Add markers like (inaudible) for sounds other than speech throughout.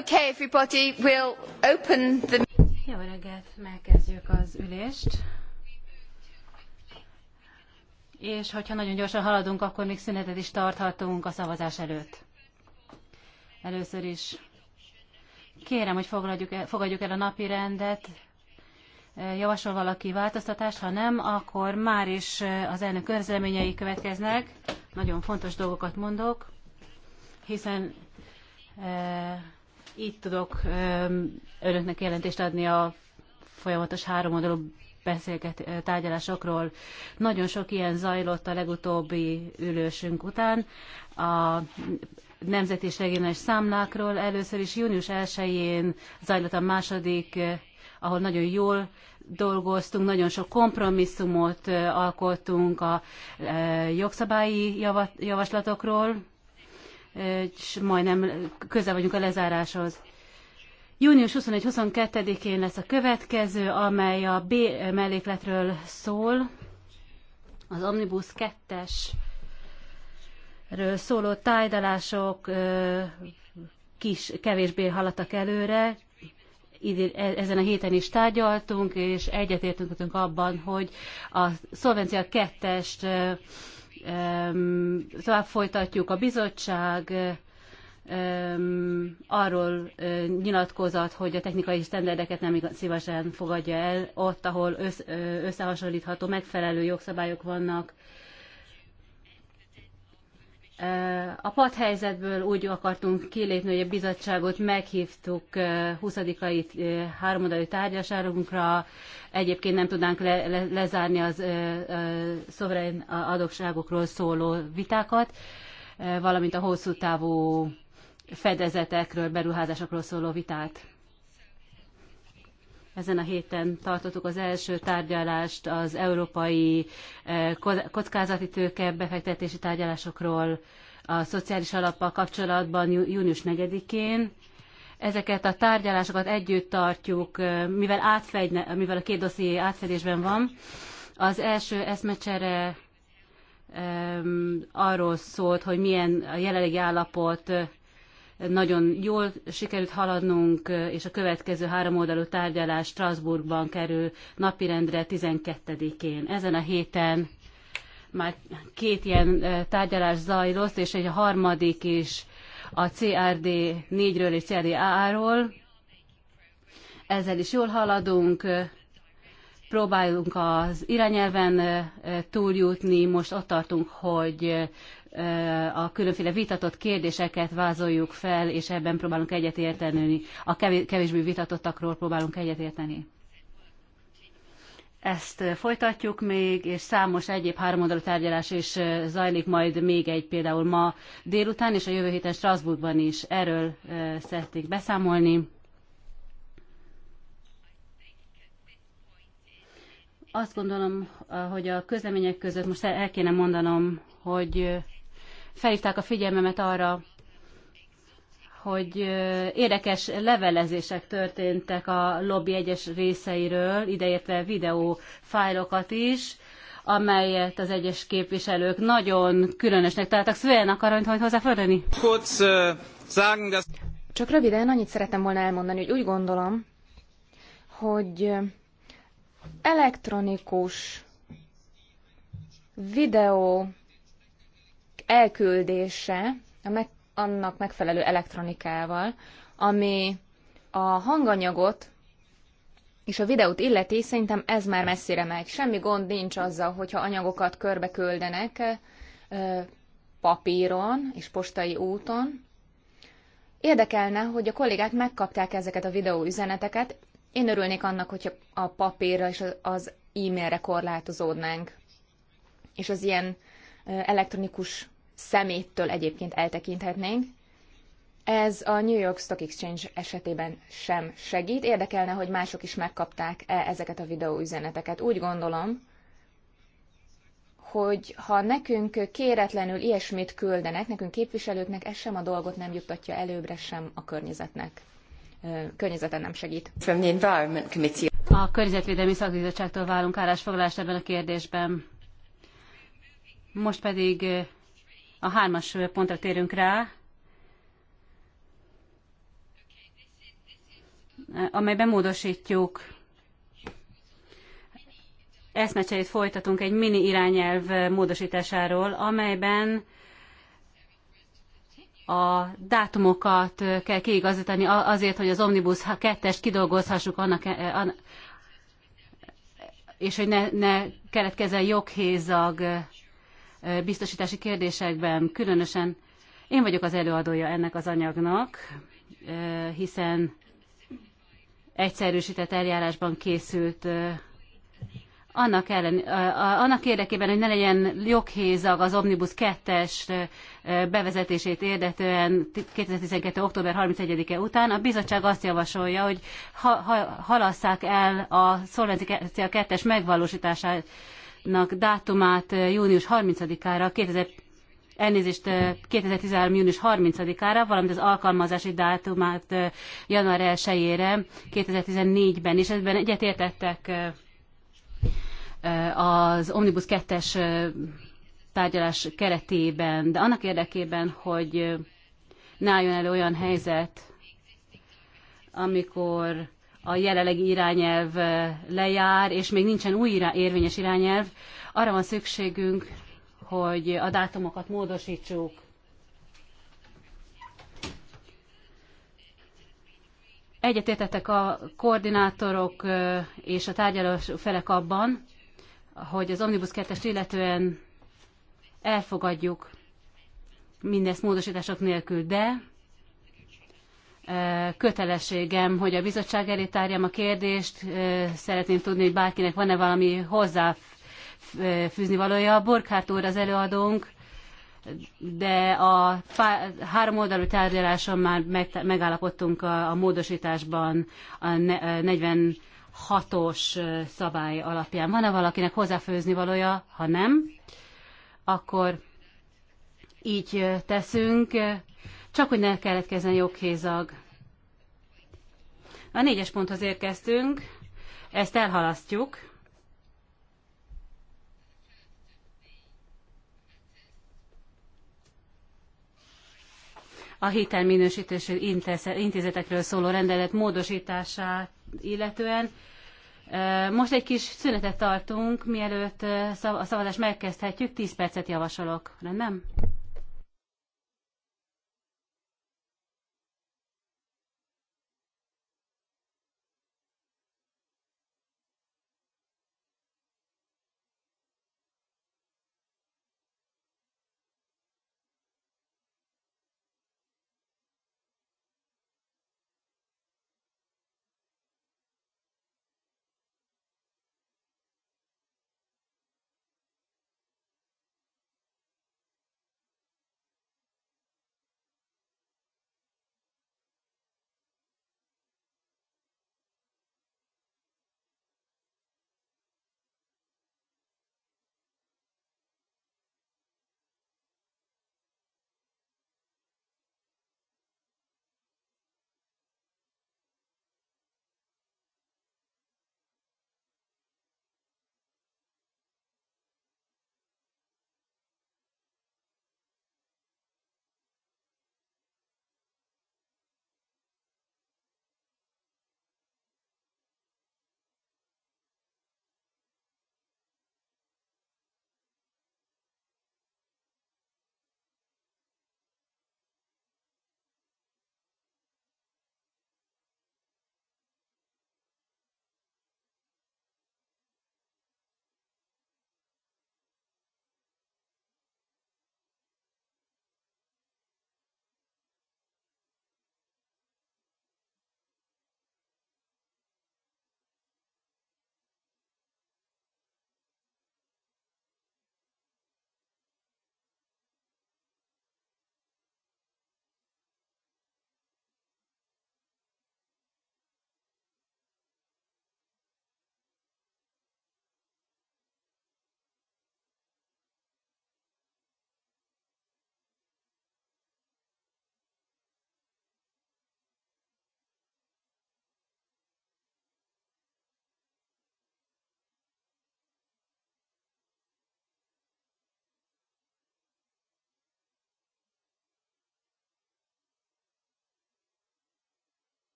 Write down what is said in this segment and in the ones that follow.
Okay, everybody, we'll open the... Jó reggelt, megkezdjük az ülést. És hogyha nagyon gyorsan haladunk, akkor még szünetet is tarthatunk a szavazás előtt. Először is kérem, hogy fogadjuk el, fogadjuk el a napi rendet. Javasol valaki változtatást, ha nem, akkor már is az elnök közleményei következnek. Nagyon fontos dolgokat mondok, hiszen eh, itt tudok önöknek jelentést adni a folyamatos háromoldalú beszélget, eh, tárgyalásokról. Nagyon sok ilyen zajlott a legutóbbi ülősünk után. A nemzeti és regionális számlákról először is június 1-én zajlott a második, eh, ahol nagyon jól dolgoztunk, nagyon sok kompromisszumot eh, alkottunk a jogszabályi javaslatokról, és majdnem közel vagyunk a lezáráshoz. Június 21-22-én lesz a következő, amely a B mellékletről szól, az Omnibus 2 es szóló tájdalások kis, kevésbé haladtak előre, e, ezen a héten is tárgyaltunk, és egyetértünk abban, hogy a szolvencia 2-est tovább folytatjuk. A bizottság arról nyilatkozat, hogy a technikai standardeket nem szívesen fogadja el ott, ahol összehasonlítható megfelelő jogszabályok vannak a padhelyzetből úgy akartunk kilépni, hogy a bizottságot meghívtuk 20-ai háromadai tárgyasárunkra. Egyébként nem tudnánk le, le, lezárni az ö, szoverén adósságokról szóló vitákat, valamint a hosszú távú fedezetekről, beruházásokról szóló vitát. Ezen a héten tartottuk az első tárgyalást az európai eh, kockázati tőke befektetési tárgyalásokról a szociális alappal kapcsolatban június 4-én. Ezeket a tárgyalásokat együtt tartjuk, eh, mivel, átfegyne, mivel a két dosszié átfedésben van. Az első eszmecsere um, arról szólt, hogy milyen a jelenlegi állapot eh, nagyon jól sikerült haladnunk, és a következő három oldalú tárgyalás Strasbourgban kerül napirendre 12-én. Ezen a héten már két ilyen tárgyalás zajlott, és egy harmadik is a CRD 4-ről és CRD AA-ról. Ezzel is jól haladunk, próbálunk az irányelven túljutni, most ott tartunk, hogy a különféle vitatott kérdéseket vázoljuk fel, és ebben próbálunk egyetérteni. A kevésbé vitatottakról próbálunk egyetérteni. Ezt folytatjuk még, és számos egyéb háromoldalú tárgyalás is zajlik majd még egy például ma délután, és a jövő héten Strasbourgban is erről szeretnék beszámolni. Azt gondolom, hogy a közlemények között most el kéne mondanom, hogy felhívták a figyelmemet arra, hogy érdekes levelezések történtek a lobby egyes részeiről, ideértve videófájlokat is, amelyet az egyes képviselők nagyon különösnek találtak. Szüvelyen akar hogy hozzá Csak röviden annyit szerettem volna elmondani, hogy úgy gondolom, hogy elektronikus videó elküldése a meg, annak megfelelő elektronikával, ami a hanganyagot és a videót illeti, szerintem ez már messzire megy. Semmi gond nincs azzal, hogyha anyagokat körbe küldenek papíron és postai úton. Érdekelne, hogy a kollégák megkapták ezeket a videó üzeneteket. Én örülnék annak, hogyha a papírra és az e-mailre korlátozódnánk. És az ilyen elektronikus szeméttől egyébként eltekinthetnénk. Ez a New York Stock Exchange esetében sem segít. Érdekelne, hogy mások is megkapták-e ezeket a videóüzeneteket. Úgy gondolom, hogy ha nekünk kéretlenül ilyesmit küldenek, nekünk képviselőknek, ez sem a dolgot nem juttatja előbbre, sem a környezetnek. Környezeten nem segít. From the Environment Committee. A Környezetvédelmi Szakbizottságtól válunk állásfoglalást ebben a kérdésben. Most pedig a hármas pontra térünk rá, amelyben módosítjuk. Eszmecserét folytatunk egy mini irányelv módosításáról, amelyben a dátumokat kell kiigazítani azért, hogy az Omnibus 2-est kidolgozhassuk annak, e- annak és hogy ne, ne keletkezzen joghézag biztosítási kérdésekben, különösen én vagyok az előadója ennek az anyagnak, hiszen egyszerűsített eljárásban készült annak, ellen, annak érdekében, hogy ne legyen joghézag az Omnibus 2-es bevezetését érdetően 2012. október 31-e után, a bizottság azt javasolja, hogy ha, ha, halasszák el a szolvencia 2-es megvalósítását nak dátumát eh, június 30-ára, 2000, elnézést 2013. Eh, június 30-ára, valamint az alkalmazási dátumát eh, január 1-ére 2014-ben, és ebben egyetértettek az Omnibus 2-es tárgyalás keretében, de annak érdekében, hogy ne álljon elő olyan helyzet, amikor a jelenlegi irányelv lejár, és még nincsen új irá, érvényes irányelv, arra van szükségünk, hogy a dátumokat módosítsuk. Egyetértettek a koordinátorok és a tárgyaló felek abban, hogy az Omnibus 2 illetően elfogadjuk mindezt módosítások nélkül, de kötelességem, hogy a bizottság elé tárjam a kérdést. Szeretném tudni, hogy bárkinek van-e valami hozzáfűzni valója. Burkhardt úr az előadónk, de a három oldalú tárgyaláson már megállapodtunk a, a módosításban a 46-os szabály alapján. Van-e valakinek hozzáfőzni valója? Ha nem, akkor így teszünk csak hogy ne keletkezzen joghézag. A négyes ponthoz érkeztünk, ezt elhalasztjuk. A hitelminősítési intézetekről szóló rendelet módosítását illetően. Most egy kis szünetet tartunk, mielőtt a szavazást megkezdhetjük, 10 percet javasolok. Rendben?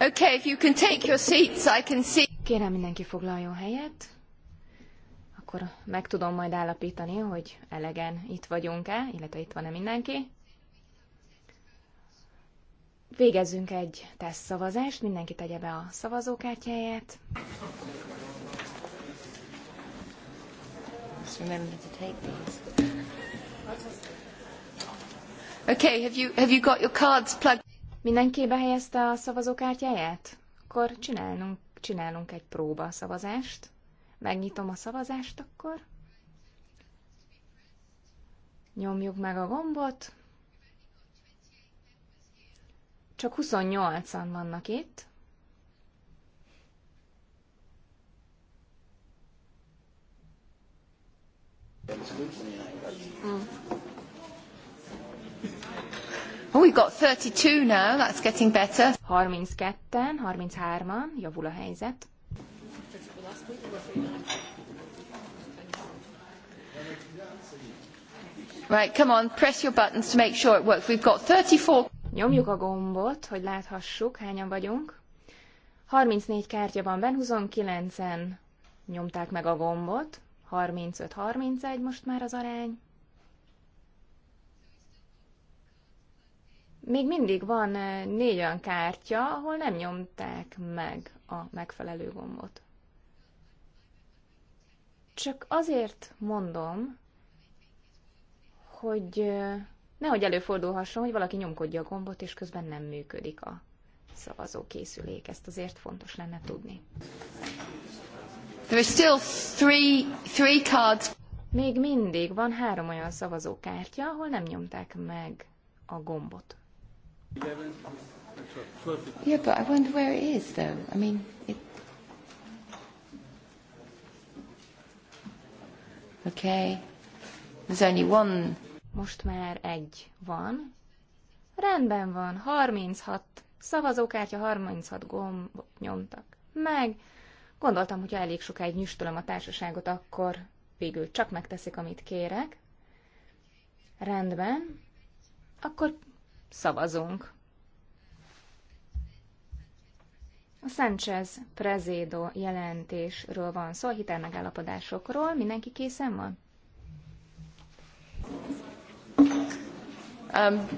Okay, if you can take your seats, I can see. Kérem mindenki foglaljon helyet. Akkor meg tudom majd állapítani, hogy elegen itt vagyunk-e, illetve itt van-e mindenki. Végezzünk egy tesztszavazást, mindenki tegye be a szavazókártyáját. Okay, have you, have you got your cards plugged? Mindenki behelyezte a szavazókártyáját? Akkor csinálunk, csinálunk egy próba szavazást. Megnyitom a szavazást akkor. Nyomjuk meg a gombot. Csak 28-an vannak itt. Mm. Oh, we've got 32 now, that's getting better. 32-en, 33-an, javul a helyzet. Right, come on, press your buttons to make sure it works. We've got 34... Nyomjuk a gombot, hogy láthassuk, hányan vagyunk. 34 kártya van benne, 29-en nyomták meg a gombot. 35-31 most már az arány. még mindig van négy olyan kártya, ahol nem nyomták meg a megfelelő gombot. Csak azért mondom, hogy nehogy előfordulhasson, hogy valaki nyomkodja a gombot, és közben nem működik a szavazókészülék. Ezt azért fontos lenne tudni. There are still three, three cards. Még mindig van három olyan szavazókártya, ahol nem nyomták meg a gombot. Yeah, but I wonder where it is, though. I mean, it... Okay. There's only one. Most már egy van. Rendben van, 36 szavazókártya, 36 gomb nyomtak meg. Gondoltam, hogy ha elég sokáig nyüstölöm a társaságot, akkor végül csak megteszik, amit kérek. Rendben. Akkor Szavazunk. A Sanchez Prezédo jelentésről van szó, a hitelmegállapodásokról. Mindenki készen van? Um,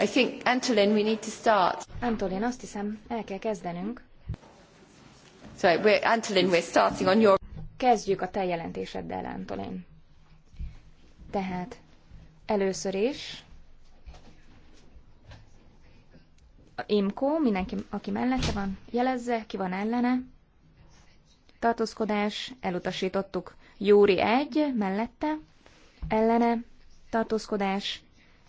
I think, Antolin, we need to start. Antolin, azt hiszem, el kell kezdenünk. Sorry, we're, Antolin, we're starting on your... Kezdjük a te jelentéseddel, Antolin. Tehát Először is a IMCO, mindenki, aki mellette van, jelezze, ki van ellene. Tartózkodás, elutasítottuk. Júri 1, mellette, ellene, tartózkodás,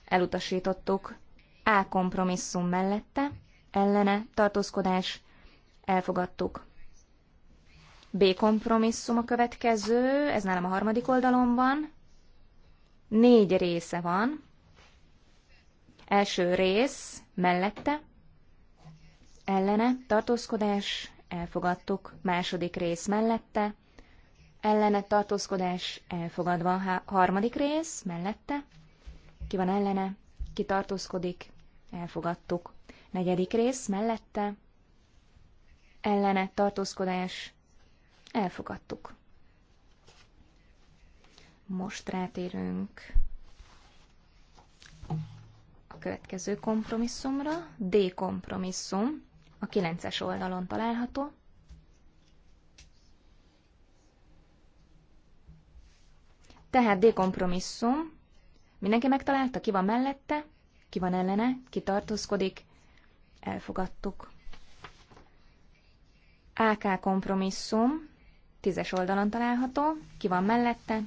elutasítottuk. A kompromisszum mellette, ellene, tartózkodás, elfogadtuk. B kompromisszum a következő, ez nálam a harmadik oldalon van. Négy része van. Első rész mellette, ellene, tartózkodás, elfogadtuk. Második rész mellette, ellene, tartózkodás, elfogadva. Há harmadik rész mellette, ki van ellene, ki tartózkodik, elfogadtuk. Negyedik rész mellette, ellene, tartózkodás, elfogadtuk. Most rátérünk a következő kompromisszumra, D kompromisszum, a 9-es oldalon található. Tehát D kompromisszum, mindenki megtalálta, ki van mellette, ki van ellene, ki tartózkodik, elfogadtuk. AK kompromisszum, tízes oldalon található, ki van mellette,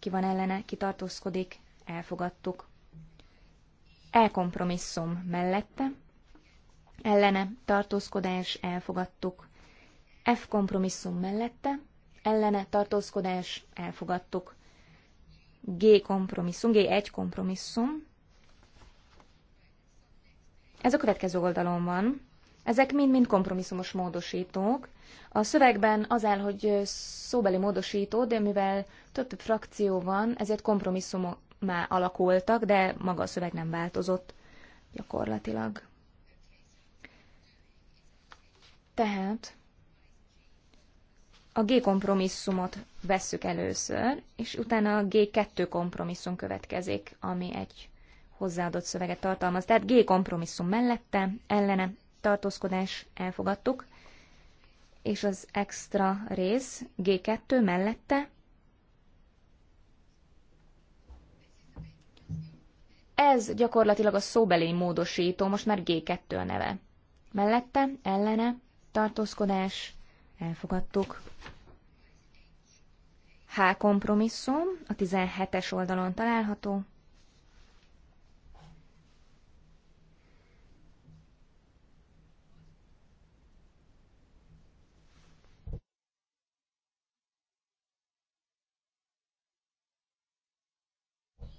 ki van ellene, ki tartózkodik, elfogadtuk. Elkompromisszum mellette, ellene, tartózkodás, elfogadtuk. F kompromisszum mellette, ellene, tartózkodás, elfogadtuk. G kompromisszum, G1 kompromisszum. Ez a következő oldalon van. Ezek mind-mind kompromisszumos módosítók. A szövegben az áll, hogy szóbeli módosító, de mivel több frakció van, ezért kompromisszumok már alakultak, de maga a szöveg nem változott gyakorlatilag. Tehát a G kompromisszumot vesszük először, és utána a G2 kompromisszum következik, ami egy hozzáadott szöveget tartalmaz. Tehát G kompromisszum mellette, ellene tartózkodás elfogadtuk, és az extra rész G2 mellette ez gyakorlatilag a szóbeli módosító, most már G2 a neve. Mellette, ellene, tartózkodás, elfogadtuk. H kompromisszum, a 17-es oldalon található.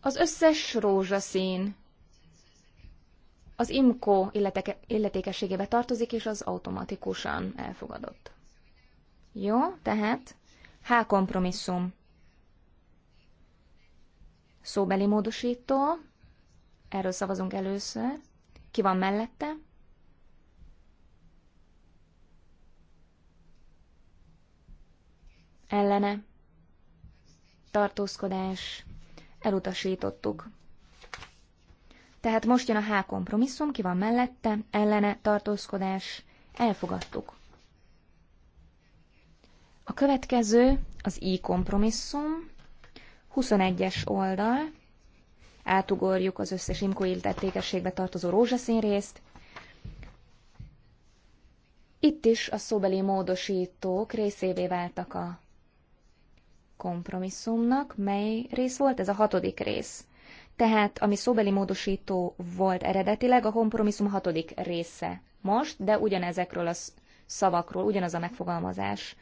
Az összes rózsaszín az IMCO illetékességébe tartozik, és az automatikusan elfogadott. Jó, tehát H kompromisszum. Szóbeli módosító, erről szavazunk először. Ki van mellette? Ellene. Tartózkodás elutasítottuk. Tehát most jön a H kompromisszum, ki van mellette, ellene, tartózkodás, elfogadtuk. A következő az I kompromisszum, 21-es oldal, átugorjuk az összes imkó tartozó rózsaszín részt. Itt is a szóbeli módosítók részévé váltak a kompromisszumnak, mely rész volt? Ez a hatodik rész. Tehát, ami szóbeli módosító volt eredetileg, a kompromisszum hatodik része most, de ugyanezekről a szavakról, ugyanaz a megfogalmazás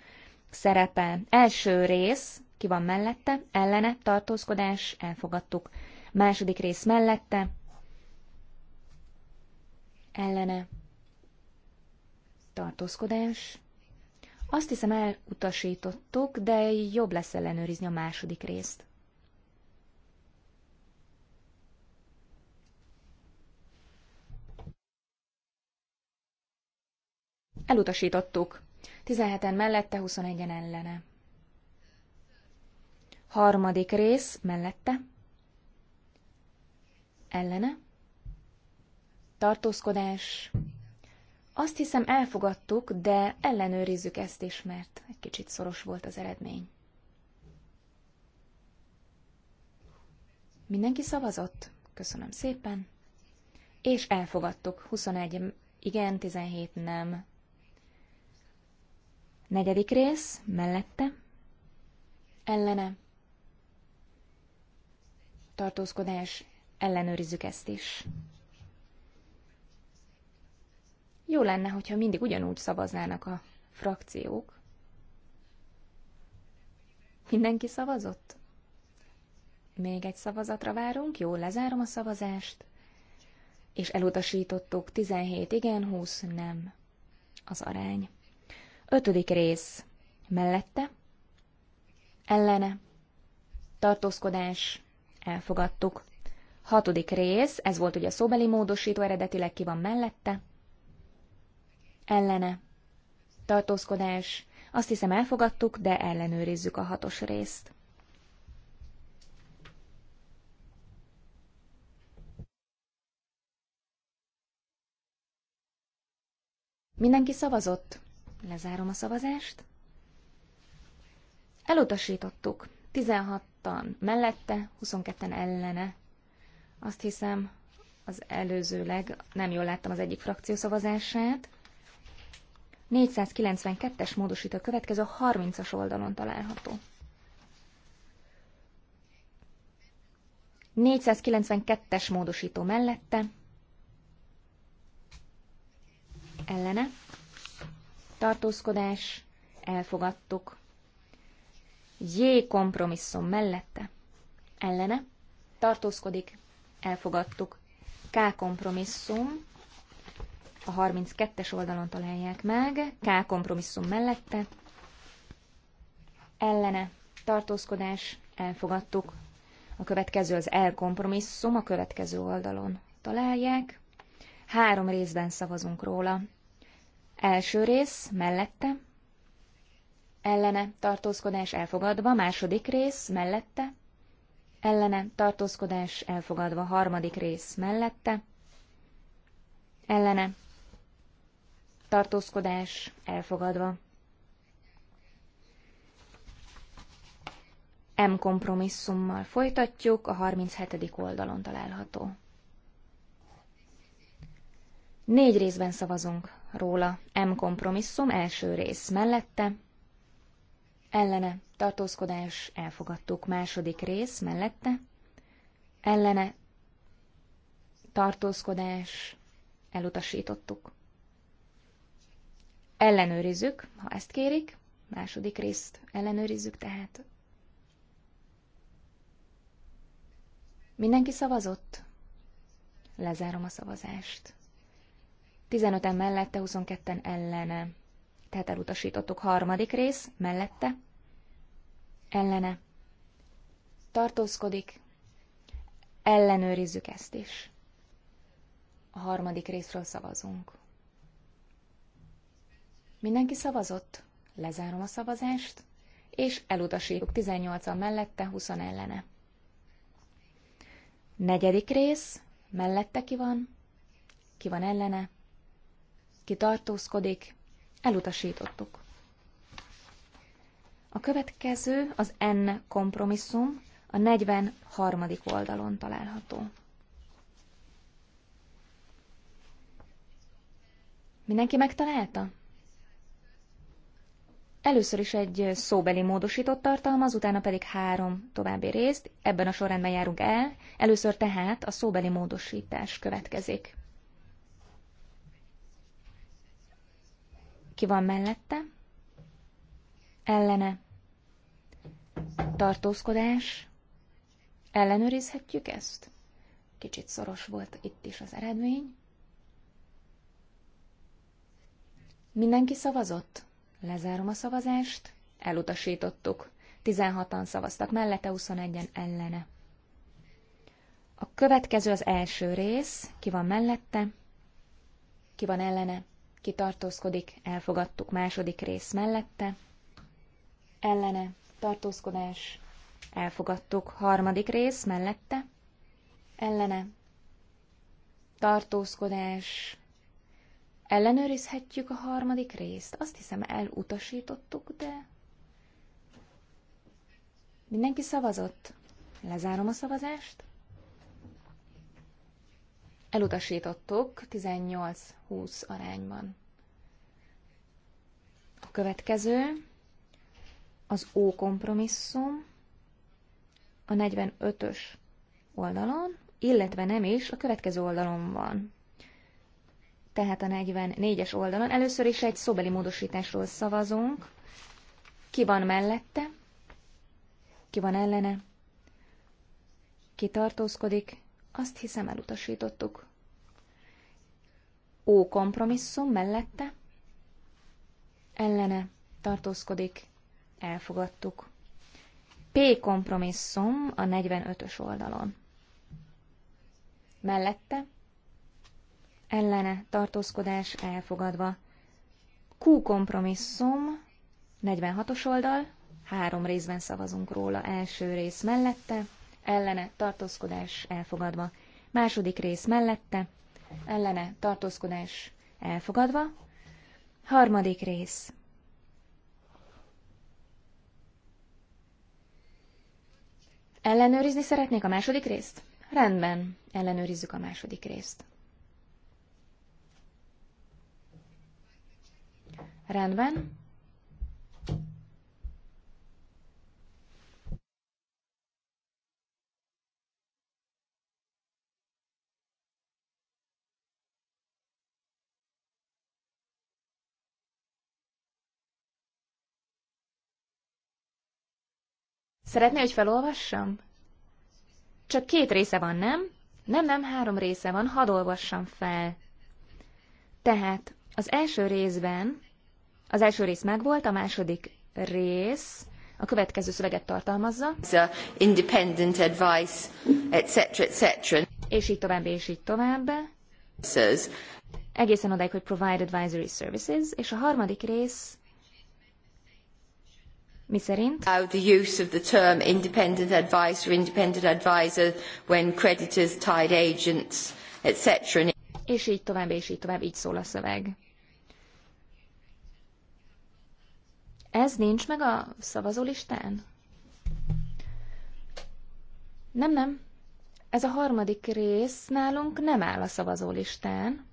szerepe Első rész, ki van mellette, ellene, tartózkodás, elfogadtuk. Második rész mellette, ellene, tartózkodás, azt hiszem elutasítottuk, de jobb lesz ellenőrizni a második részt. Elutasítottuk. 17-en mellette, 21-en ellene. Harmadik rész mellette. Ellene. Tartózkodás. Azt hiszem elfogadtuk, de ellenőrizzük ezt is, mert egy kicsit szoros volt az eredmény. Mindenki szavazott? Köszönöm szépen. És elfogadtuk. 21 igen, 17 nem. Negyedik rész, mellette. Ellene. Tartózkodás, ellenőrizzük ezt is. Jó lenne, hogyha mindig ugyanúgy szavaznának a frakciók. Mindenki szavazott? Még egy szavazatra várunk, jó, lezárom a szavazást. És elutasítottuk 17 igen, 20 nem. Az arány. Ötödik rész. Mellette. Ellene. Tartózkodás. Elfogadtuk. Hatodik rész, ez volt ugye a szóbeli módosító, eredetileg ki van mellette ellene, tartózkodás, azt hiszem elfogadtuk, de ellenőrizzük a hatos részt. Mindenki szavazott? Lezárom a szavazást. Elutasítottuk. 16-tan mellette, 22-en ellene. Azt hiszem, az előzőleg nem jól láttam az egyik frakció szavazását. 492-es módosító következő 30-as oldalon található. 492-es módosító mellette, ellene, tartózkodás, elfogadtuk. J kompromisszum mellette, ellene, tartózkodik, elfogadtuk. K kompromisszum a 32-es oldalon találják meg, K kompromisszum mellette, ellene tartózkodás, elfogadtuk. A következő az L kompromisszum, a következő oldalon találják. Három részben szavazunk róla. Első rész mellette, ellene tartózkodás elfogadva, második rész mellette, ellene tartózkodás elfogadva, harmadik rész mellette, ellene tartózkodás elfogadva. M kompromisszummal folytatjuk, a 37. oldalon található. Négy részben szavazunk róla. M kompromisszum első rész mellette, ellene tartózkodás elfogadtuk második rész mellette, ellene tartózkodás elutasítottuk ellenőrizzük, ha ezt kérik. Második részt ellenőrizzük tehát. Mindenki szavazott? Lezárom a szavazást. 15-en mellette, 22-en ellene. Tehát elutasítottuk harmadik rész, mellette, ellene. Tartózkodik, ellenőrizzük ezt is. A harmadik részről szavazunk. Mindenki szavazott? Lezárom a szavazást, és elutasítjuk 18-an mellette, 20 ellene. Negyedik rész, mellette ki van, ki van ellene, ki tartózkodik, elutasítottuk. A következő az N kompromisszum, a 43. oldalon található. Mindenki megtalálta? Először is egy szóbeli módosított tartalmaz, utána pedig három további részt, ebben a sorrendben járunk el. Először tehát a szóbeli módosítás következik. Ki van mellette? Ellene. Tartózkodás. Ellenőrizhetjük ezt? Kicsit szoros volt itt is az eredmény. Mindenki szavazott? Lezárom a szavazást. Elutasítottuk. 16-an szavaztak mellette, 21-en ellene. A következő az első rész. Ki van mellette? Ki van ellene? Ki tartózkodik? Elfogadtuk. Második rész mellette. Ellene. Tartózkodás. Elfogadtuk. Harmadik rész mellette. Ellene. Tartózkodás. Ellenőrizhetjük a harmadik részt. Azt hiszem elutasítottuk, de... Mindenki szavazott. Lezárom a szavazást. Elutasítottuk 18-20 arányban. A következő az ó kompromisszum a 45-ös oldalon, illetve nem is, a következő oldalon van tehát a 44-es oldalon. Először is egy szobeli módosításról szavazunk. Ki van mellette? Ki van ellene? Ki tartózkodik? Azt hiszem elutasítottuk. Ó kompromisszum mellette? Ellene tartózkodik, elfogadtuk. P kompromisszum a 45-ös oldalon. Mellette? ellene tartózkodás elfogadva. Q kompromisszum, 46-os oldal, három részben szavazunk róla, első rész mellette, ellene tartózkodás elfogadva. Második rész mellette, ellene tartózkodás elfogadva. Harmadik rész. Ellenőrizni szeretnék a második részt? Rendben, ellenőrizzük a második részt. Rendben. Szeretné, hogy felolvassam? Csak két része van, nem? Nem, nem, három része van, hadd olvassam fel. Tehát az első részben az első rész megvolt, a második rész a következő szöveget tartalmazza. Independent advice, etc., etc. És így tovább, és így tovább. Egészen odáig, hogy provide advisory services, és a harmadik rész mi szerint? the use of the term independent advisor, independent advisor when creditors, tied agents, etc. És így tovább, és így tovább, így szól a szöveg. Ez nincs meg a szavazólistán? Nem, nem. Ez a harmadik rész nálunk nem áll a szavazólistán.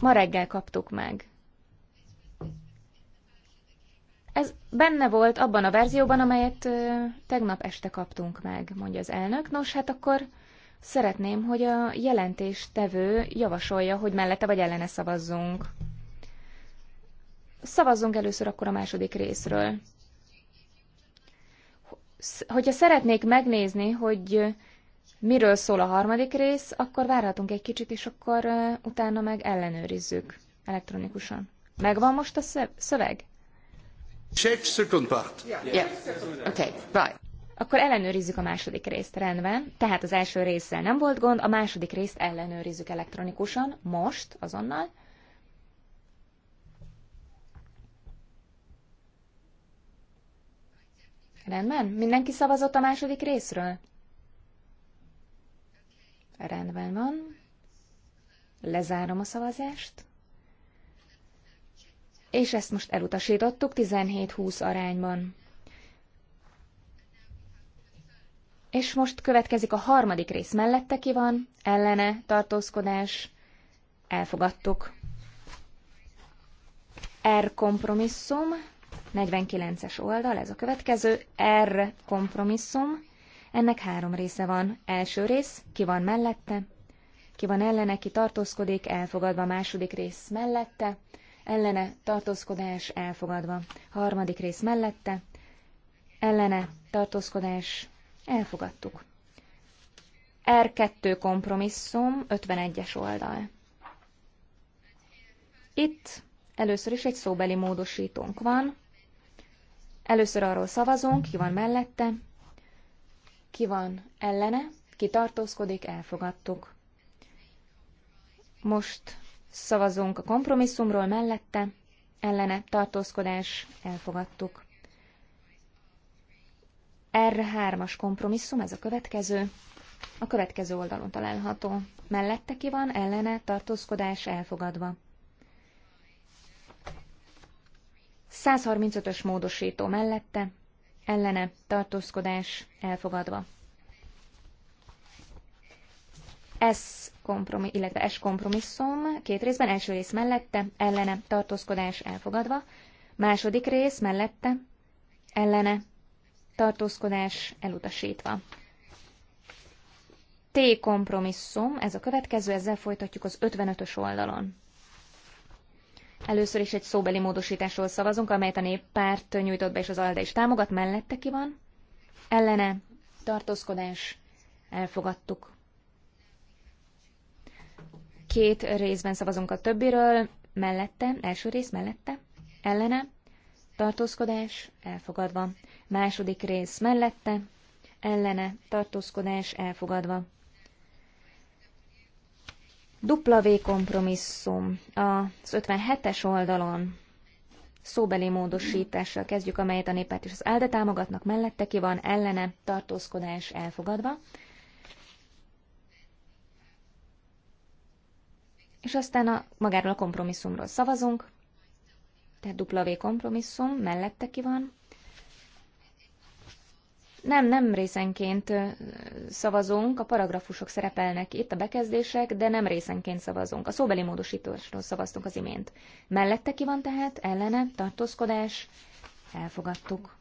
Ma reggel kaptuk meg. Ez benne volt abban a verzióban, amelyet ö, tegnap este kaptunk meg, mondja az elnök. Nos, hát akkor szeretném, hogy a jelentéstevő javasolja, hogy mellette vagy ellene szavazzunk. Szavazzunk először akkor a második részről. Hogyha szeretnék megnézni, hogy miről szól a harmadik rész, akkor várhatunk egy kicsit, és akkor utána meg ellenőrizzük elektronikusan. Megvan most a szöveg? Yeah. Okay, right. Akkor ellenőrizzük a második részt, rendben. Tehát az első résszel nem volt gond, a második részt ellenőrizzük elektronikusan, most, azonnal. Rendben? Mindenki szavazott a második részről? Rendben van. Lezárom a szavazást. És ezt most elutasítottuk 17-20 arányban. És most következik a harmadik rész mellette ki van, ellene, tartózkodás, elfogadtuk. R kompromisszum, 49-es oldal, ez a következő, R kompromisszum, ennek három része van. Első rész, ki van mellette, ki van ellene, ki tartózkodik, elfogadva a második rész mellette, ellene tartózkodás elfogadva, harmadik rész mellette, ellene tartózkodás elfogadtuk. R2 kompromisszum, 51-es oldal. Itt először is egy szóbeli módosítónk van, Először arról szavazunk, ki van mellette, ki van ellene, ki tartózkodik, elfogadtuk. Most szavazunk a kompromisszumról mellette, ellene tartózkodás, elfogadtuk. R3-as kompromisszum, ez a következő. A következő oldalon található. Mellette ki van, ellene tartózkodás elfogadva. 135-ös módosító mellette, ellene tartózkodás elfogadva. S kompromi, illetve S kompromisszum két részben, első rész mellette, ellene tartózkodás elfogadva, második rész mellette, ellene tartózkodás elutasítva. T kompromisszum, ez a következő, ezzel folytatjuk az 55-ös oldalon. Először is egy szóbeli módosításról szavazunk, amelyet a néppárt nyújtott be, és az ALDE is támogat. Mellette ki van? Ellene. Tartózkodás. Elfogadtuk. Két részben szavazunk a többiről. Mellette. Első rész mellette. Ellene. Tartózkodás. Elfogadva. Második rész mellette. Ellene. Tartózkodás. Elfogadva. W kompromisszum az 57-es oldalon szóbeli módosítással kezdjük, amelyet a népet és az ELDE támogatnak, mellette ki van, ellene, tartózkodás elfogadva. És aztán a, magáról a kompromisszumról szavazunk, tehát W kompromisszum, mellette ki van, nem, nem részenként szavazunk, a paragrafusok szerepelnek itt, a bekezdések, de nem részenként szavazunk. A szóbeli módosításról szavaztunk az imént. Mellette ki van tehát, ellene, tartózkodás, elfogadtuk.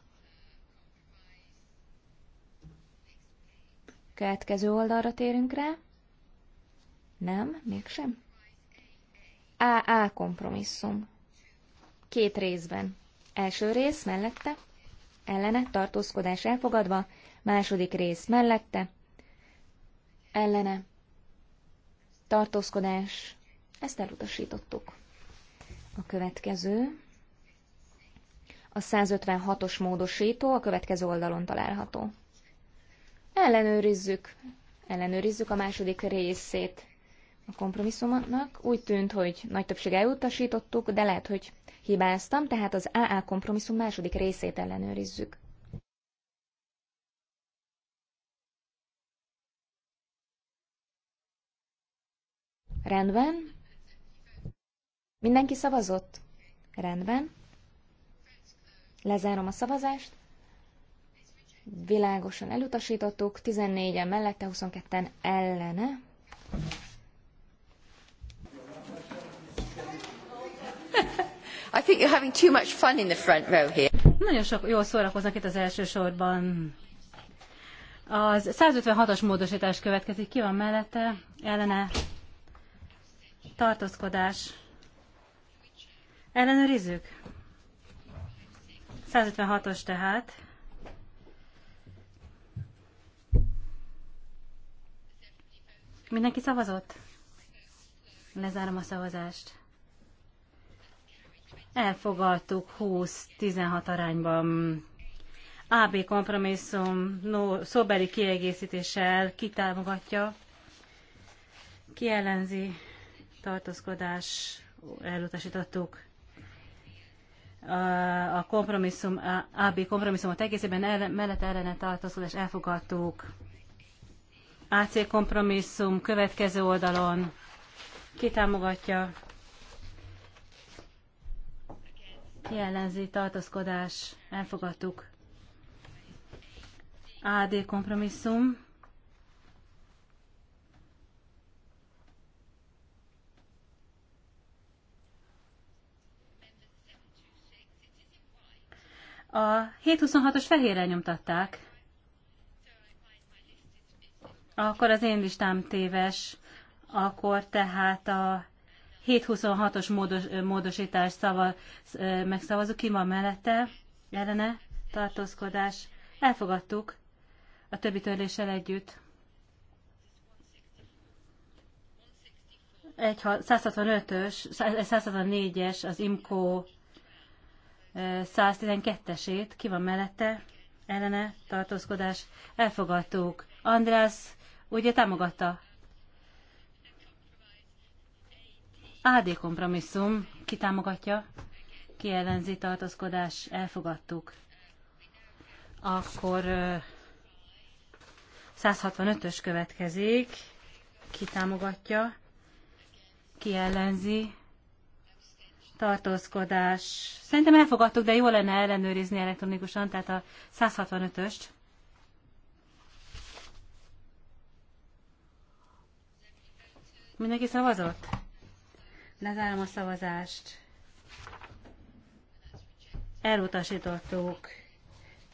Következő oldalra térünk rá. Nem, mégsem. AA kompromisszum. Két részben. Első rész mellette, ellene tartózkodás elfogadva, második rész mellette, ellene tartózkodás, ezt elutasítottuk. A következő, a 156-os módosító a következő oldalon található. Ellenőrizzük, ellenőrizzük a második részét a kompromisszumnak. Úgy tűnt, hogy nagy többség elutasítottuk, de lehet, hogy hibáztam, tehát az AA kompromisszum második részét ellenőrizzük. Rendben. Mindenki szavazott? Rendben. Lezárom a szavazást. Világosan elutasítottuk, 14-en mellette, 22-en ellene. think you're having too much fun in the front row here. Nagyon sok jól szórakoznak itt az első sorban. Az 156-os módosítás következik. Ki van mellette? Ellene tartózkodás. Ellenőrizzük. 156-os tehát. Mindenki szavazott? Lezárom a szavazást elfogadtuk 20-16 arányban. AB kompromisszum no, szóbeli kiegészítéssel kitámogatja, kielenzi tartózkodás, elutasítottuk a kompromisszum, AB kompromisszumot egészében el, mellett ellene tartózkodás elfogadtuk. AC kompromisszum következő oldalon kitámogatja, ki ellenzi, tartózkodás, elfogadtuk. AD kompromisszum. A 726-os fehérre nyomtatták. Akkor az én listám téves. Akkor tehát a 726-os módos, módosítást szava, megszavazunk. Ki van mellette? Ellene? Tartózkodás? Elfogadtuk a többi törléssel együtt. Egy 165-ös, 164-es az IMCO 112-esét. Ki van mellette? Ellene? Tartózkodás? Elfogadtuk. András ugye támogatta? AD kompromisszum kitámogatja, kiellenzi tartózkodás, elfogadtuk. Akkor 165-ös következik, kitámogatja, kiellenzi, tartózkodás. Szerintem elfogadtuk, de jó lenne ellenőrizni elektronikusan, tehát a 165-öst. Mindenki szavazott? Lezárom a szavazást. Elutasítottuk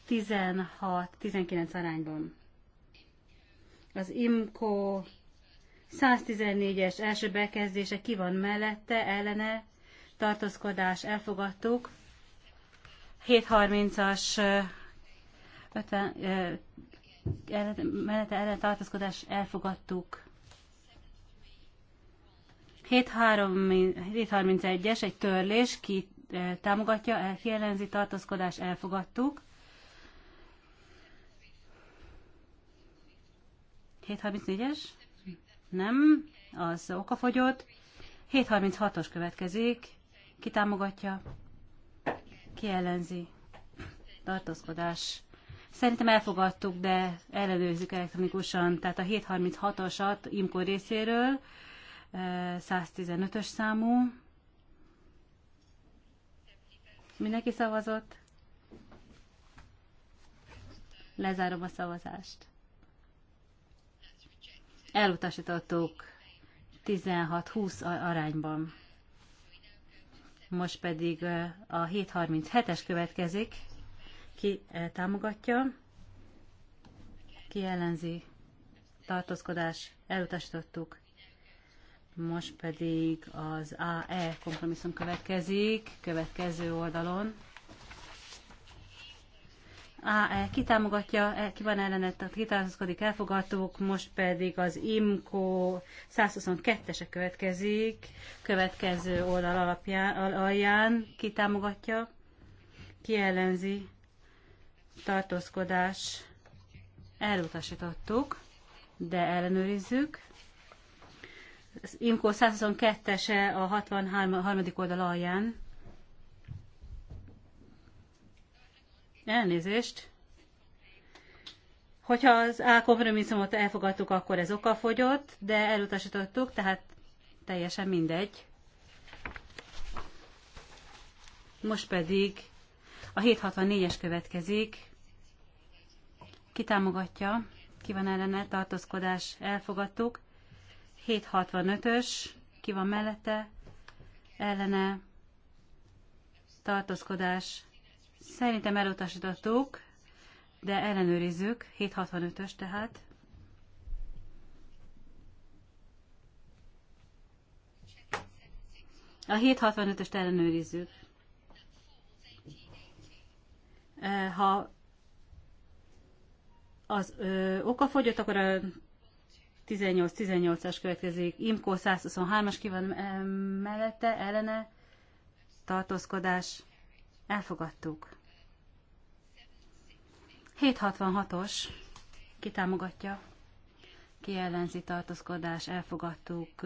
16-19 arányban. Az IMCO 114-es első bekezdése ki van mellette, ellene, tartózkodás elfogadtuk. 7.30-as mellette ellen tartózkodás elfogadtuk. 731-es, egy törlés, ki eh, támogatja, ki tartózkodás, elfogadtuk. 734-es? Nem, az okafogyott. 736-os következik. Ki támogatja? Ki ellenzi? Tartózkodás. Szerintem elfogadtuk, de ellenőrzzük elektronikusan, tehát a 736-osat Imkó részéről 115-ös számú. Mindenki szavazott? Lezárom a szavazást. Elutasítottuk 16-20 arányban. Most pedig eh, a 737-es következik. Ki eh, támogatja? Ki ellenzi? Tartózkodás. Elutasítottuk. Most pedig az AE kompromisszum következik, következő oldalon. AE kitámogatja, e ki van ellenet, kitározkodik, elfogadtuk, most pedig az IMCO 122-ese következik, következő oldal alapján, alján kitámogatja, kiellenzi, tartózkodás, elutasítottuk, de ellenőrizzük az IMCO 122-ese a 63. oldal alján. Elnézést. Hogyha az A kompromisszumot elfogadtuk, akkor ez okafogyott, de elutasítottuk, tehát teljesen mindegy. Most pedig a 764-es következik. Ki támogatja? Ki van ellene? Tartózkodás. Elfogadtuk. 765-ös, ki van mellette, ellene, tartózkodás. Szerintem elutasítottuk, de ellenőrizzük, 765-ös tehát. A 765-öst ellenőrizzük. Eh, ha az ö, oka fogyott, akkor a 18-18-as következik, Imko 123-as ki van mellette, ellene, tartózkodás, elfogadtuk. 766-os, kitámogatja, ki ellenzi tartózkodás, elfogadtuk,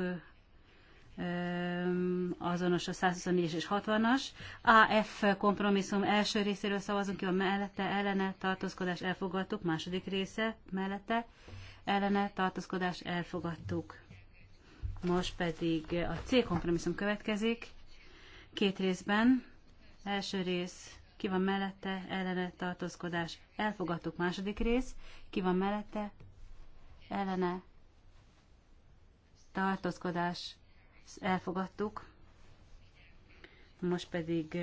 azonos a 124-es és 60-as. AF kompromisszum első részéről szavazunk ki, a mellette, ellene, tartózkodás, elfogadtuk, második része, mellette, ellene tartózkodás elfogadtuk. Most pedig a C kompromisszum következik. Két részben. Első rész, ki van mellette, ellene tartózkodás, elfogadtuk. Második rész, ki van mellette, ellene tartózkodás, elfogadtuk. Most pedig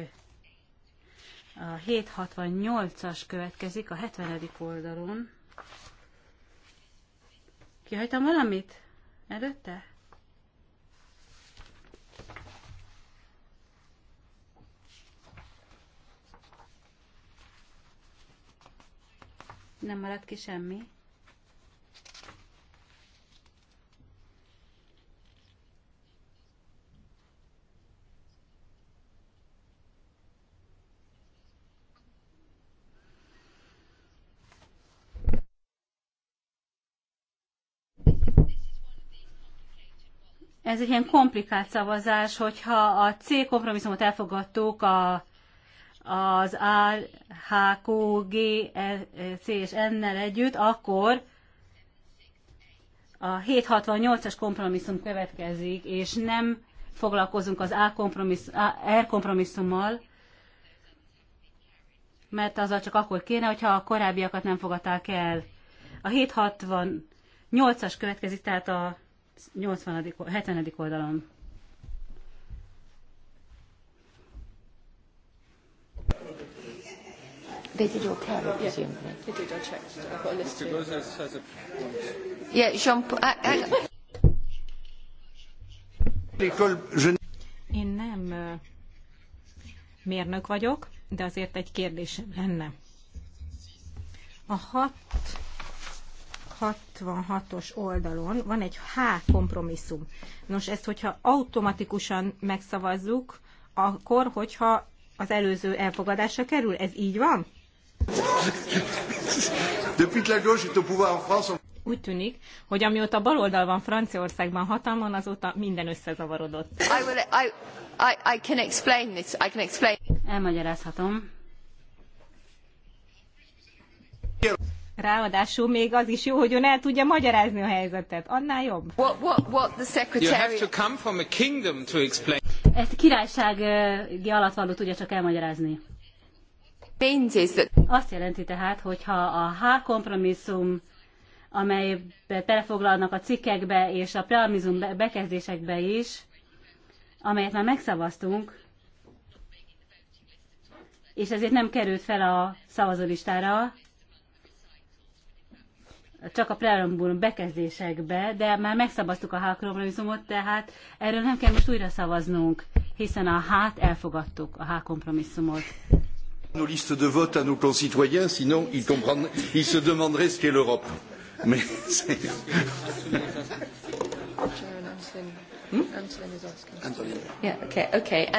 a 768-as következik a 70. oldalon. Kihagytam valamit? Előtte? Nem maradt ki semmi. Ez egy ilyen komplikált szavazás, hogyha a C kompromisszumot elfogadtuk, a, az A, H, Q, G, e, C és N-nel együtt, akkor a 768-as kompromisszum következik, és nem foglalkozunk az A kompromisszum, R kompromisszummal, mert az csak akkor kéne, hogyha a korábbiakat nem fogadták el. A 768-as következik, tehát a 80. 70. oldalon. They did your carry, presumably. They did, I checked. I've got a list has a point. Yeah, Jean-Paul. Én nem mérnök vagyok, de azért egy kérdésem lenne. A hat 66-os oldalon van egy H kompromisszum. Nos, ezt, hogyha automatikusan megszavazzuk, akkor, hogyha az előző elfogadásra kerül, ez így van? Úgy tűnik, hogy amióta a baloldal van Franciaországban hatalmon, azóta minden összezavarodott. I will, I, I, I can explain this. I can explain. Elmagyarázhatom. Ráadásul még az is jó, hogy ön el tudja magyarázni a helyzetet. Annál jobb. What, what, what the secretary... You have to come from a kingdom to explain. Ezt királyság alatt való tudja csak elmagyarázni. Azt jelenti tehát, hogyha a H kompromisszum, amely telefoglalnak a cikkekbe és a preamizum bekezdésekbe is, amelyet már megszavaztunk, és ezért nem került fel a szavazólistára, csak a preambulum bekezdésekbe, de már megszavaztuk a H kompromisszumot, tehát erről nem kell most újra szavaznunk, hiszen a hát elfogadtuk, a H kompromisszumot. Nos listes de vote à nos concitoyens, sinon ils, ils se demanderaient ce qu'est l'Europe. Mais hmm? Antolin.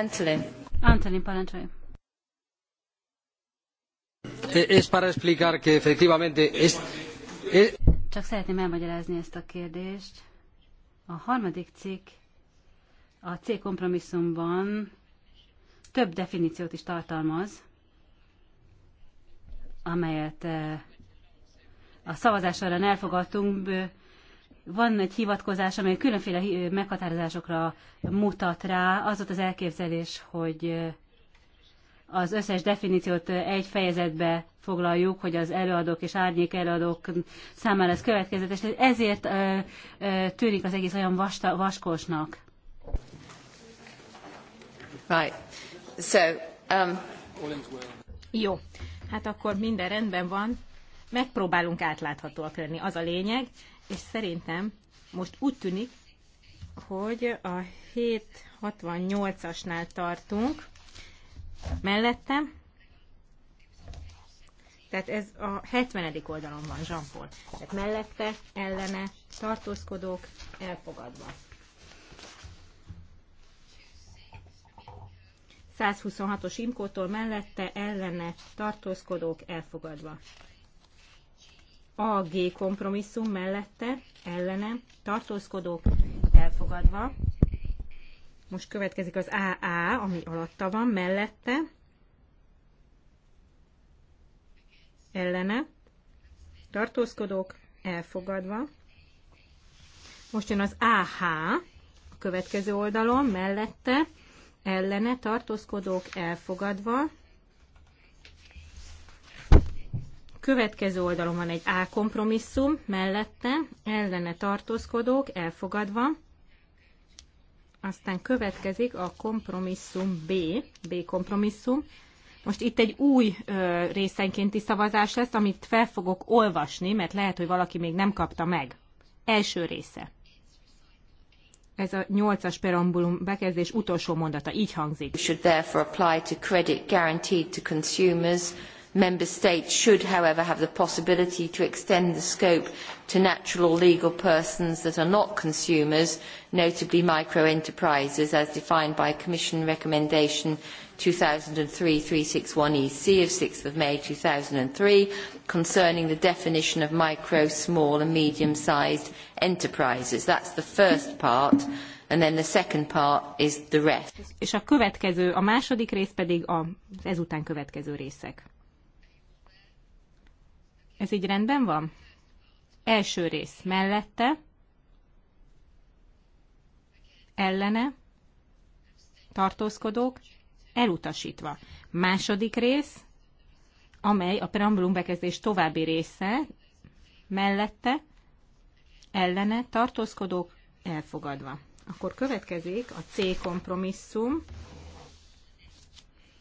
Antolin. Antolin, e-, Es para explicar que efectivamente es, csak szeretném elmagyarázni ezt a kérdést. A harmadik cikk a C kompromisszumban több definíciót is tartalmaz, amelyet eh, a szavazás során elfogadtunk. Van egy hivatkozás, amely különféle meghatározásokra mutat rá. Az volt az elképzelés, hogy eh, az összes definíciót egy fejezetbe foglaljuk, hogy az előadók és árnyék előadók számára ez következetes. Ezért tűnik az egész olyan vasta, vaskosnak. Right. So, um... Jó, hát akkor minden rendben van. Megpróbálunk átláthatóak lenni, az a lényeg, és szerintem most úgy tűnik, hogy a 768-asnál tartunk, mellette. Tehát ez a 70. oldalon van, jean -Paul. Tehát mellette, ellene, tartózkodók, elfogadva. 126-os imkótól mellette, ellene, tartózkodók, elfogadva. AG kompromisszum mellette, ellene, tartózkodók, elfogadva. Most következik az AA, ami alatta van, mellette, ellene, tartózkodók, elfogadva. Most jön az AH, a következő oldalon, mellette, ellene, tartózkodók, elfogadva. Következő oldalon van egy A kompromisszum, mellette, ellene tartózkodók, elfogadva. Aztán következik a kompromisszum B, B kompromisszum. Most itt egy új ö, részenkénti szavazás lesz, amit fel fogok olvasni, mert lehet, hogy valaki még nem kapta meg. Első része. Ez a nyolcas perambulum bekezdés utolsó mondata így hangzik. Should therefore apply to credit guaranteed to consumers member states should however have the possibility to extend the scope to natural or legal persons that are not consumers notably micro enterprises as defined by commission recommendation 2003/361/EC e of 6th May 2003 concerning the definition of micro small and medium sized enterprises that's the first part and then the second part is the rest. És a következő, a második rész pedig a ezután következő részek. Ez így rendben van? Első rész mellette, ellene, tartózkodók, elutasítva. Második rész, amely a preambulum bekezdés további része, mellette, ellene, tartózkodók, elfogadva. Akkor következik a C kompromisszum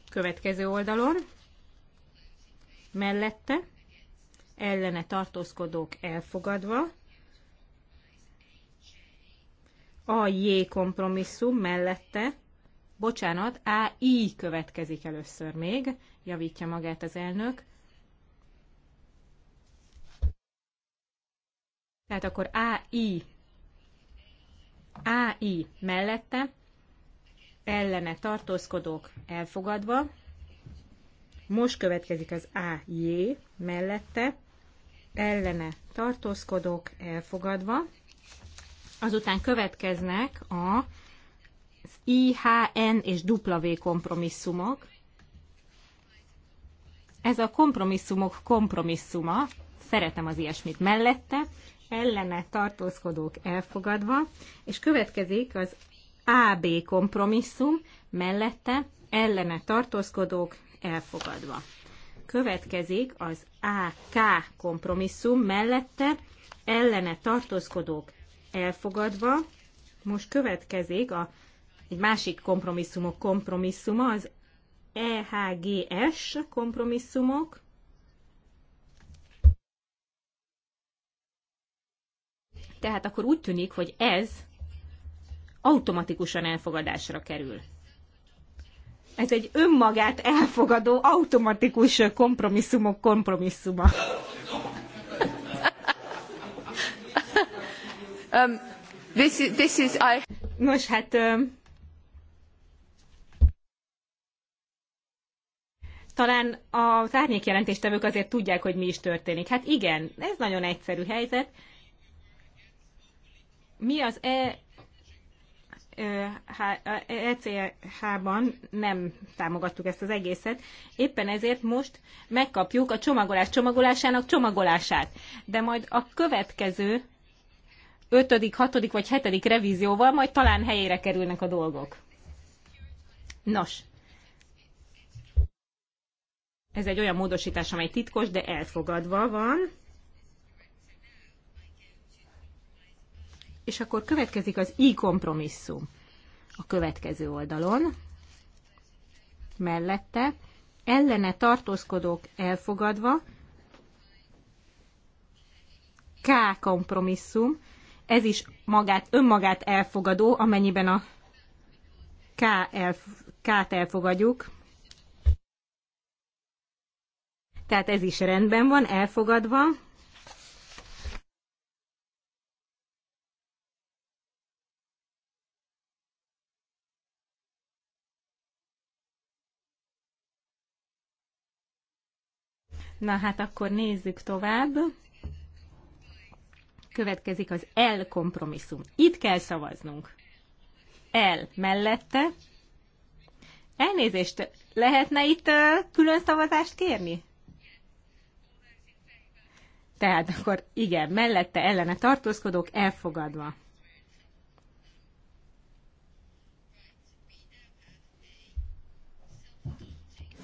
következő oldalon, mellette, ellene tartózkodók elfogadva, a J kompromisszum mellette, bocsánat, A I következik először még, javítja magát az elnök. Tehát akkor A I A I mellette, ellene tartózkodók elfogadva, most következik az AJ mellette, ellene tartózkodók elfogadva. Azután következnek a az I, H, N és W kompromisszumok. Ez a kompromisszumok kompromisszuma, szeretem az ilyesmit mellette, ellene tartózkodók elfogadva, és következik az AB kompromisszum mellette, ellene tartózkodók elfogadva. Következik az AK kompromisszum mellette ellene tartózkodók elfogadva. Most következik a, egy másik kompromisszumok kompromisszuma, az EHGS kompromisszumok. Tehát akkor úgy tűnik, hogy ez automatikusan elfogadásra kerül. Ez egy önmagát elfogadó, automatikus kompromisszumok kompromisszuma. (laughs) um, this is, this is I... Nos, hát... Um, talán a árnyékjelentéstevők azért tudják, hogy mi is történik. Hát igen, ez nagyon egyszerű helyzet. Mi az e ECH-ban nem támogattuk ezt az egészet, éppen ezért most megkapjuk a csomagolás csomagolásának csomagolását. De majd a következő ötödik, hatodik vagy hetedik revízióval majd talán helyére kerülnek a dolgok. Nos, ez egy olyan módosítás, amely titkos, de elfogadva van. és akkor következik az i kompromisszum a következő oldalon, mellette, ellene tartózkodók elfogadva, K kompromisszum, ez is magát, önmagát elfogadó, amennyiben a K elf, K-t elfogadjuk. Tehát ez is rendben van, elfogadva. Na hát akkor nézzük tovább. Következik az L kompromisszum. Itt kell szavaznunk. L mellette. Elnézést, lehetne itt külön szavazást kérni? Tehát akkor igen, mellette ellene tartózkodók elfogadva.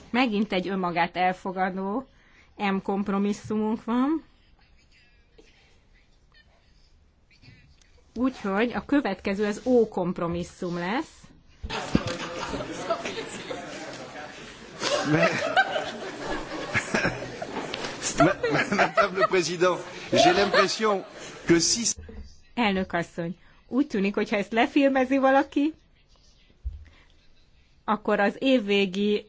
Megint egy önmagát elfogadó M kompromisszumunk van. Úgyhogy a következő az O kompromisszum lesz. Elnök asszony, úgy tűnik, hogy ha ezt lefilmezi valaki, akkor az évvégi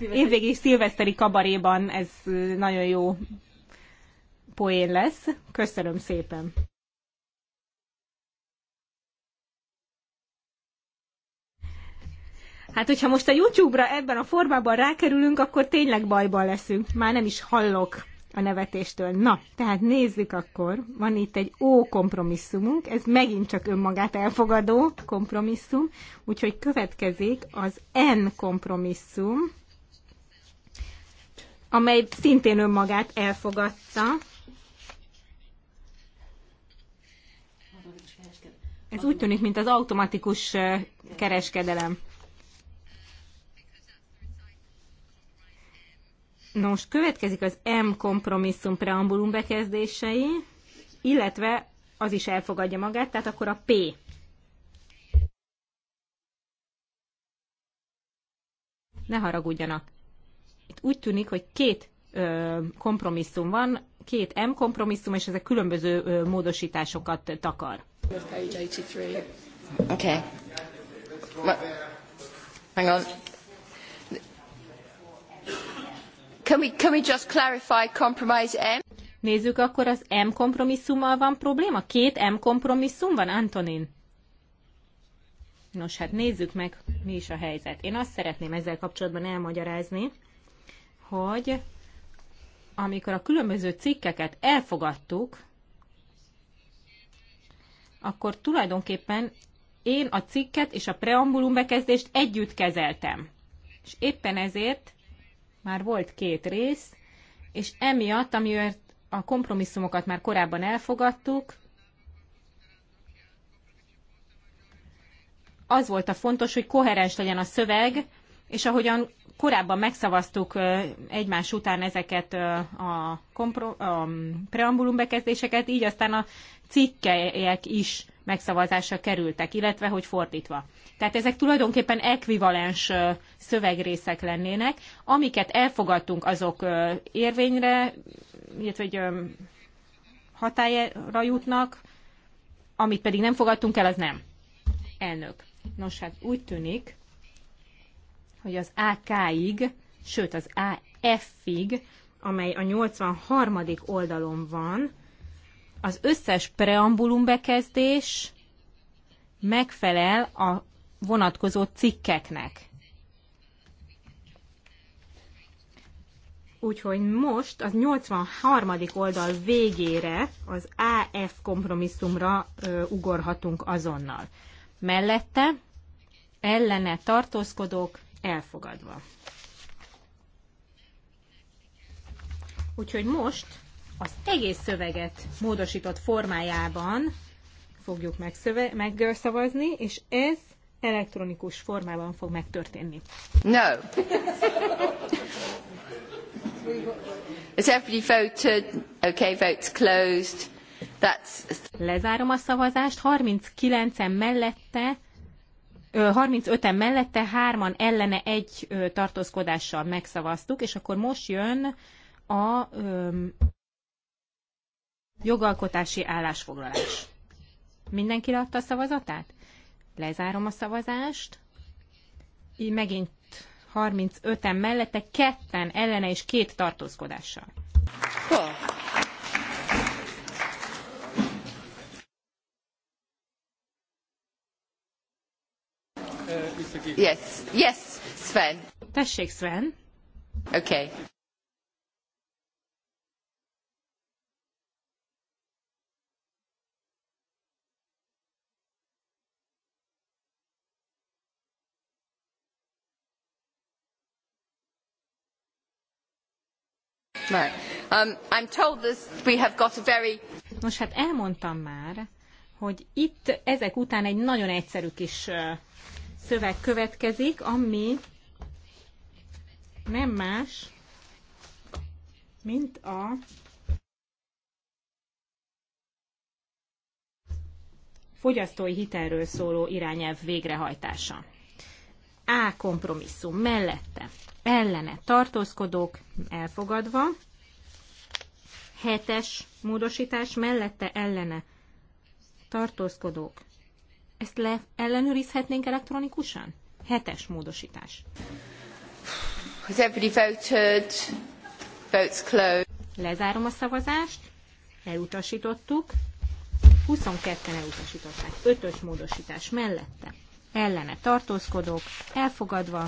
évvégi szilveszteri kabaréban ez nagyon jó poén lesz. Köszönöm szépen! Hát, hogyha most a YouTube-ra ebben a formában rákerülünk, akkor tényleg bajban leszünk. Már nem is hallok a nevetéstől. Na, tehát nézzük akkor. Van itt egy ó kompromisszumunk, ez megint csak önmagát elfogadó kompromisszum, úgyhogy következik az N kompromisszum amely szintén önmagát elfogadta. Ez úgy tűnik, mint az automatikus kereskedelem. Nos, következik az M kompromisszum preambulum bekezdései, illetve az is elfogadja magát, tehát akkor a P. Ne haragudjanak itt úgy tűnik, hogy két kompromisszum van, két M kompromisszum, és ezek különböző módosításokat takar. Okay. Hang on. Can we, can we just clarify compromise M? Nézzük, akkor az M kompromisszummal van probléma? Két M kompromisszum van, Antonin? Nos, hát nézzük meg, mi is a helyzet. Én azt szeretném ezzel kapcsolatban elmagyarázni, hogy amikor a különböző cikkeket elfogadtuk, akkor tulajdonképpen én a cikket és a preambulum bekezdést együtt kezeltem. És éppen ezért már volt két rész, és emiatt, amiért a kompromisszumokat már korábban elfogadtuk, az volt a fontos, hogy koherens legyen a szöveg, és ahogyan korábban megszavaztuk egymás után ezeket a, kompro- a preambulum bekezdéseket, így aztán a cikkelyek is megszavazásra kerültek, illetve hogy fordítva. Tehát ezek tulajdonképpen ekvivalens szövegrészek lennének, amiket elfogadtunk, azok érvényre, illetve hogy hatályra jutnak, amit pedig nem fogadtunk el, az nem. Elnök. Nos, hát úgy tűnik, hogy az AK-ig, sőt az AF-ig, amely a 83. oldalon van, az összes preambulum bekezdés megfelel a vonatkozó cikkeknek. Úgyhogy most az 83. oldal végére az AF kompromisszumra ö, ugorhatunk azonnal. Mellette ellene tartózkodók elfogadva. Úgyhogy most az egész szöveget módosított formájában fogjuk megszöve- megszavazni, és ez elektronikus formában fog megtörténni. No. Is everybody voted? Okay, votes closed. That's... Lezárom a szavazást, 39-en mellette, 35-en mellette, hárman ellene egy tartózkodással megszavaztuk, és akkor most jön a öm, jogalkotási állásfoglalás. Mindenki adta a szavazatát? Lezárom a szavazást. Így megint 35-en mellette, ketten ellene és két tartózkodással. Oh. Yes, yes, Sven. Tessék, Sven. Okay. Right. Um, I'm told this, we have got a very... Nos, hát elmondtam már, hogy itt ezek után egy nagyon egyszerű kis szöveg következik, ami nem más, mint a fogyasztói hitelről szóló irányelv végrehajtása. A kompromisszum mellette ellene tartózkodók elfogadva, hetes módosítás mellette ellene tartózkodók ezt le ellenőrizhetnénk elektronikusan? Hetes módosítás. Has everybody voted? Votes closed. Lezárom a szavazást. Elutasítottuk. 22-en elutasították. Ötös módosítás mellette. Ellene tartózkodók. Elfogadva.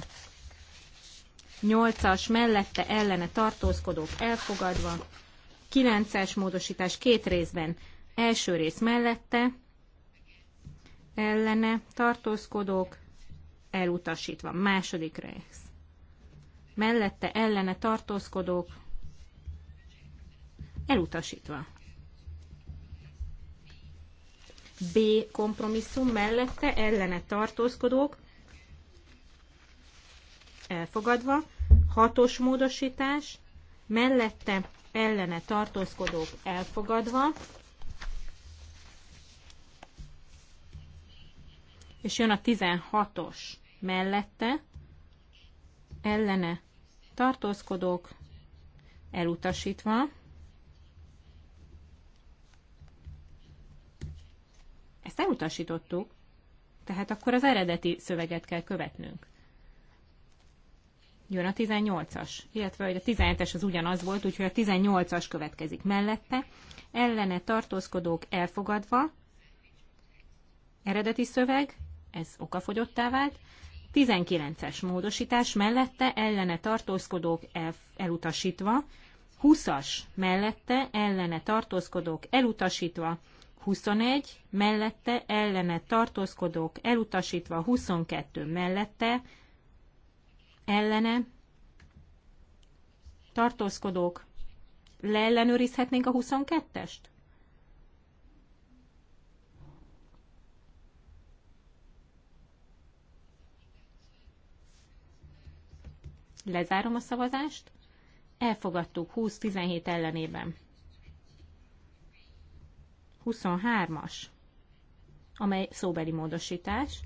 Nyolcas mellette ellene tartózkodók elfogadva, Kilences módosítás két részben, első rész mellette, ellene tartózkodók elutasítva. Második rész. Mellette ellene tartózkodók elutasítva. B kompromisszum mellette ellene tartózkodók elfogadva, hatos módosítás mellette ellene tartózkodók elfogadva, és jön a 16-os mellette, ellene tartózkodók elutasítva, ezt elutasítottuk, tehát akkor az eredeti szöveget kell követnünk. Jön a 18-as, illetve hogy a 17-es az ugyanaz volt, úgyhogy a 18-as következik mellette. Ellene tartózkodók elfogadva, eredeti szöveg, ez okafogyottá vált. 19-es módosítás mellette ellene tartózkodók el, elutasítva, 20-as mellette ellene tartózkodók elutasítva, 21 mellette ellene tartózkodók elutasítva, 22 mellette ellene tartózkodók. Leellenőrizhetnénk a 22-est? Lezárom a szavazást. Elfogadtuk 20-17 ellenében. 23-as, amely szóbeli módosítás.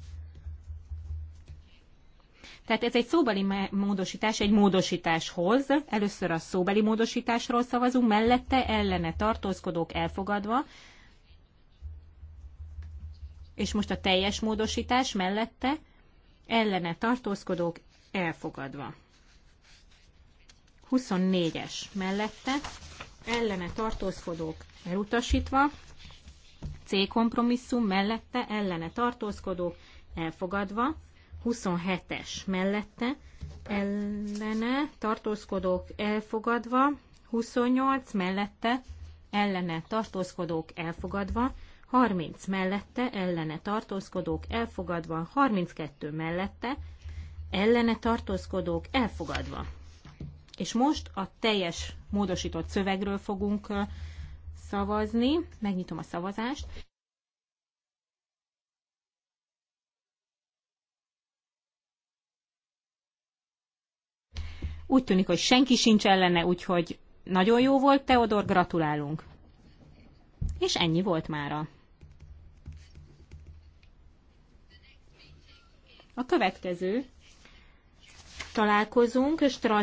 Tehát ez egy szóbeli módosítás egy módosításhoz. Először a szóbeli módosításról szavazunk, mellette ellene tartózkodók elfogadva, és most a teljes módosítás mellette ellene tartózkodók elfogadva. 24-es mellette, ellene tartózkodók elutasítva, C kompromisszum mellette, ellene tartózkodók elfogadva, 27-es mellette, ellene tartózkodók elfogadva, 28 mellette, ellene tartózkodók elfogadva, 30 mellette, ellene tartózkodók elfogadva, 32 mellette, ellene tartózkodók elfogadva. És most a teljes módosított szövegről fogunk szavazni. Megnyitom a szavazást. Úgy tűnik, hogy senki sincs ellene, úgyhogy nagyon jó volt, Teodor, gratulálunk. És ennyi volt mára. A következő találkozunk, és